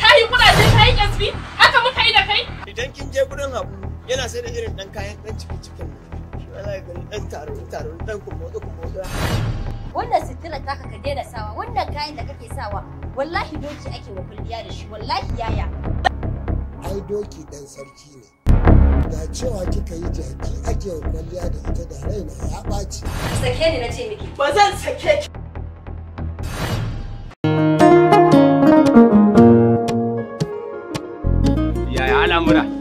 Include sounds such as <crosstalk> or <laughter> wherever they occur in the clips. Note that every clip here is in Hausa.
ka yi kuraje ka yi ƙyasbi haka muka yi da kai idan kin je gurin habu yana sai da irin ɗan kayan dan cikin cikin ɗan taro taro ɗan kumoto kumoto wannan sitira taka ka daina sawa wannan kayan da kake sawa wallahi doki ake wa kulliya da shi wallahi yaya ai doki dan sarki ne da cewa kika yi jaki ake wa kwalliya da ita da raina ya ɓaci sake ni na ce miki ba zan sake ki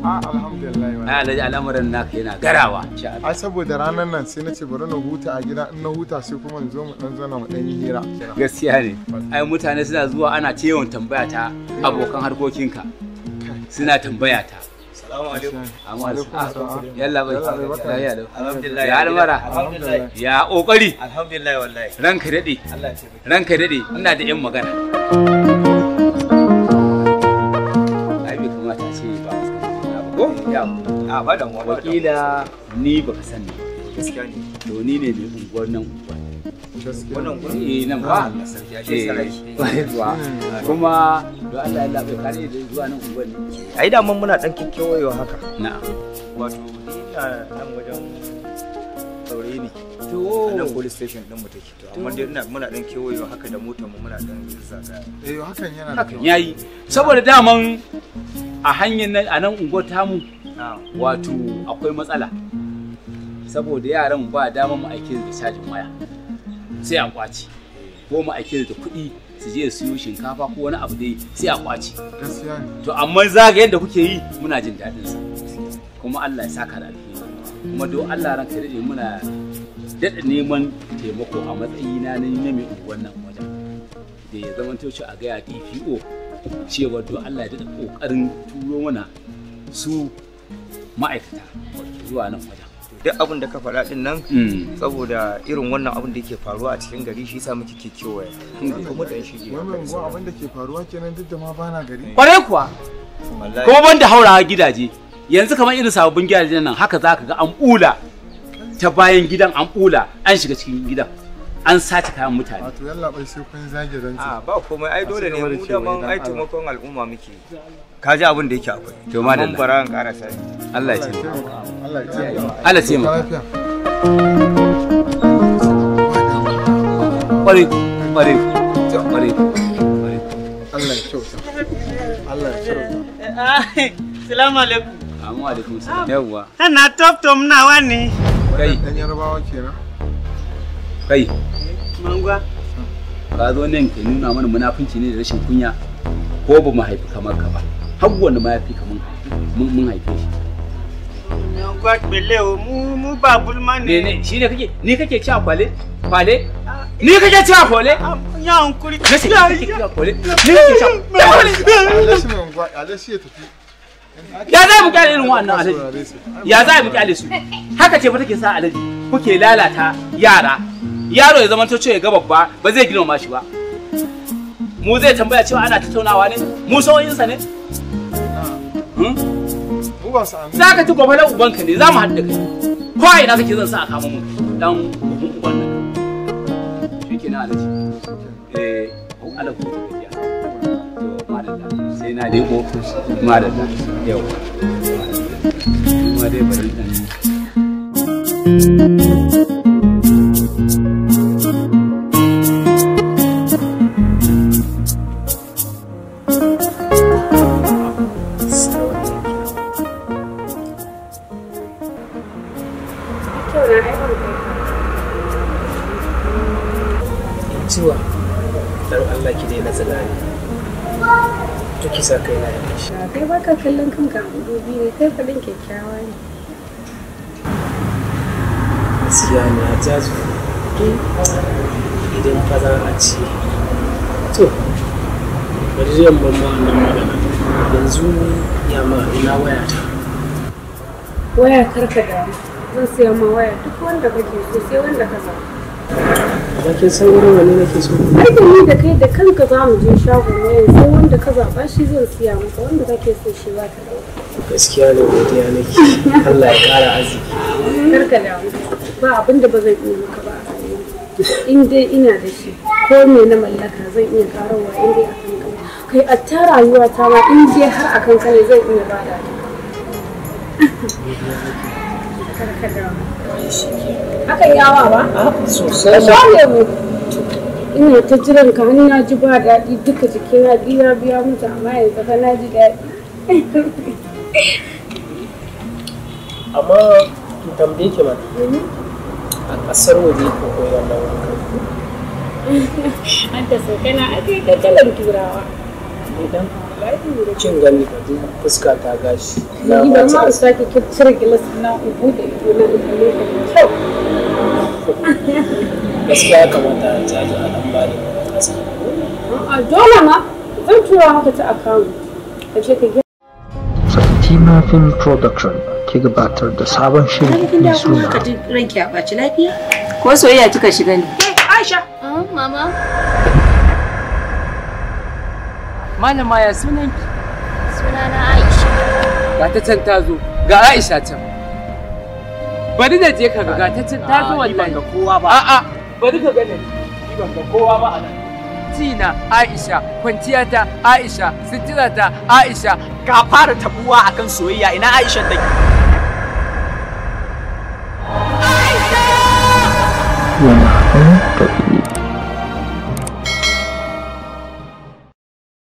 Ah, alhamdulillah alhaji al'amuran naka yana garawa ai saboda ranar nan sai na ce bari na huta a gida in na huta sai kuma zo mu dan zana mu dan yi hira gaskiya ne ai mutane suna zuwa ana ce yawan tambaya ta abokan harkokinka suna tambaya ta Salamu alaikum. Ah, yalla bai. Lafiya Alhamdulillah. Ya almara. Alhamdulillah. Ya kokari. Alhamdulillah wallahi. Ranka dade. Allah ya Ranka dade. Ina da yan magana. wakila ni ba ka sani gaskiya to ni ne mai unguwar nan <laughs> kuma da Allah ya labe kare da zuwa nan unguwar ne ai da mun muna dan haka wato nan wajen saurayi ne to nan police station din mu take to amma dai ina muna dan haka da motar mu muna dan eh hakan yana da yayi saboda daman a hanyar nan a nan unguwar tamu wato akwai matsala saboda yaran ba dama mu aike da cajin waya sai a kwace ko mu aike da kuɗi su je su siyo shinkafa ko wani abu dai sai a kwace to amma zaga yadda kuke yi muna jin daɗin sa kuma Allah ya saka da alheri kuma don Allah ran ka daɗe muna daɗa neman taimako a matsayi na mai unguwan nan wajen da ya zama toshi a gaya DPO cewa don Allah ya daɗa ƙoƙarin turo mana su ma'aikata zuwa nan wajen duk abin da ka faɗa nan hmm. saboda irin wannan abin da ke faruwa a cikin gari shi sa muke ke hmm. kuma dan shi ne wannan ko abin da ke faruwa kenan duk da ma bana gari kuwa kuma ban da haurawa gidaje yanzu kamar irin sababbin gidajen nan haka zaka ga an bula ta bayan gidan an bula an shiga cikin gidan an sace kayan mutane. Wato yalla bai sai kun zage rantsi. A ba komai ai dole ne mu da ai taimakon al'umma muke. ka ji abin da yake akwai to ma da bara an ƙara sai Allah ya ce Allah ya ce Allah ya ma bari bari ƙware ku Allah ya ce Allah ya ce eh, eh, Assalamu ah, alaikum Assalamu alaikum yawwa ana ah, top tom nawa ne kai dan yarbawa kenan kai mangwa ka zo nan ke nuna mana munafunci ne da rashin kunya ko ba mu haifi kamar ka ba wani ma ya fi kamun mun haife shi kwale mu mu ba bulma ne ne shi ne kake ni kake ci kwale kwale ni kake ci kwale ya hankuri ne shi kake ci kwale ni kake ci kwale ya za mu kyale irin wannan alaji ya za mu kyale su haka ce fa take sa alaji kuke lalata yara yaro ya zamanto cewa ya ga babba ba zai girma shi ba mu zai tambaya cewa ana tattaunawa ne mu sauyin ne Hmm? Za ka ci gobe na ubanka za mu haɗu da kai. Ko a ina kake zan sa a kama mun dan eh, na alaji. Eh, Ciwa, dan Allah ki na tsanani. To sa kai na yanki. Kai baka kallon kanka a dubi ne, kai faɗin kyakkyawa ne. Gaskiya ne a jazu. Idan fa za a ci. To, bari zai yamma ma wannan magana. Yanzu ya ma ina wayata. Waya karka damu. zan siya ma waya duk wanda kake so sai wanda ka zaɓa. Ba kin san wurin wani nake so. Ai da ni da kai da kanka za mu je shagon wayan sai wanda ka zaɓa shi zan siya maka wanda kake so shi ba ka ɗauka. Gaskiya ne godiya nake Allah ya ƙara arziki. Karka da ba abin da ba zan iya maka ba a in dai ina da shi ko me na mallaka zan iya karowa in dai akan kai kai a ta rayuwa ta ma in dai har akan kai zan iya ba da you. <laughs> Akan yawa ba? Sosai. Ina ta jiran ka hannu na ji ba daɗi duka jikina biya biya mutu amma yanzu ka na ji daɗi. Amma in tambaye ke mana. A ƙasar waje ko koyi wannan wanka. An ta so kana a kai ta turawa. Idan kin gani fuska ta gashi da gaskiya kamata caji a dole zan tura ta Fatima Film Production ke gabatar da sabon shirin mai suna. Ka ji ranki a ɓaci lafiya? Ko soyayya kika shiga ne? Eh, Aisha! Ah, mama. Mana maya sunan ki sunana aisha ga ta can ta zo ga aisha can bari na je ka ga ta can ta zo wallahi ga kowa ba a'a bari ka gane ban ga kowa ba a nan tina aisha kwanciya ta aisha sitira ta aisha ka fara tabuwa akan soyayya ina aisha take aisha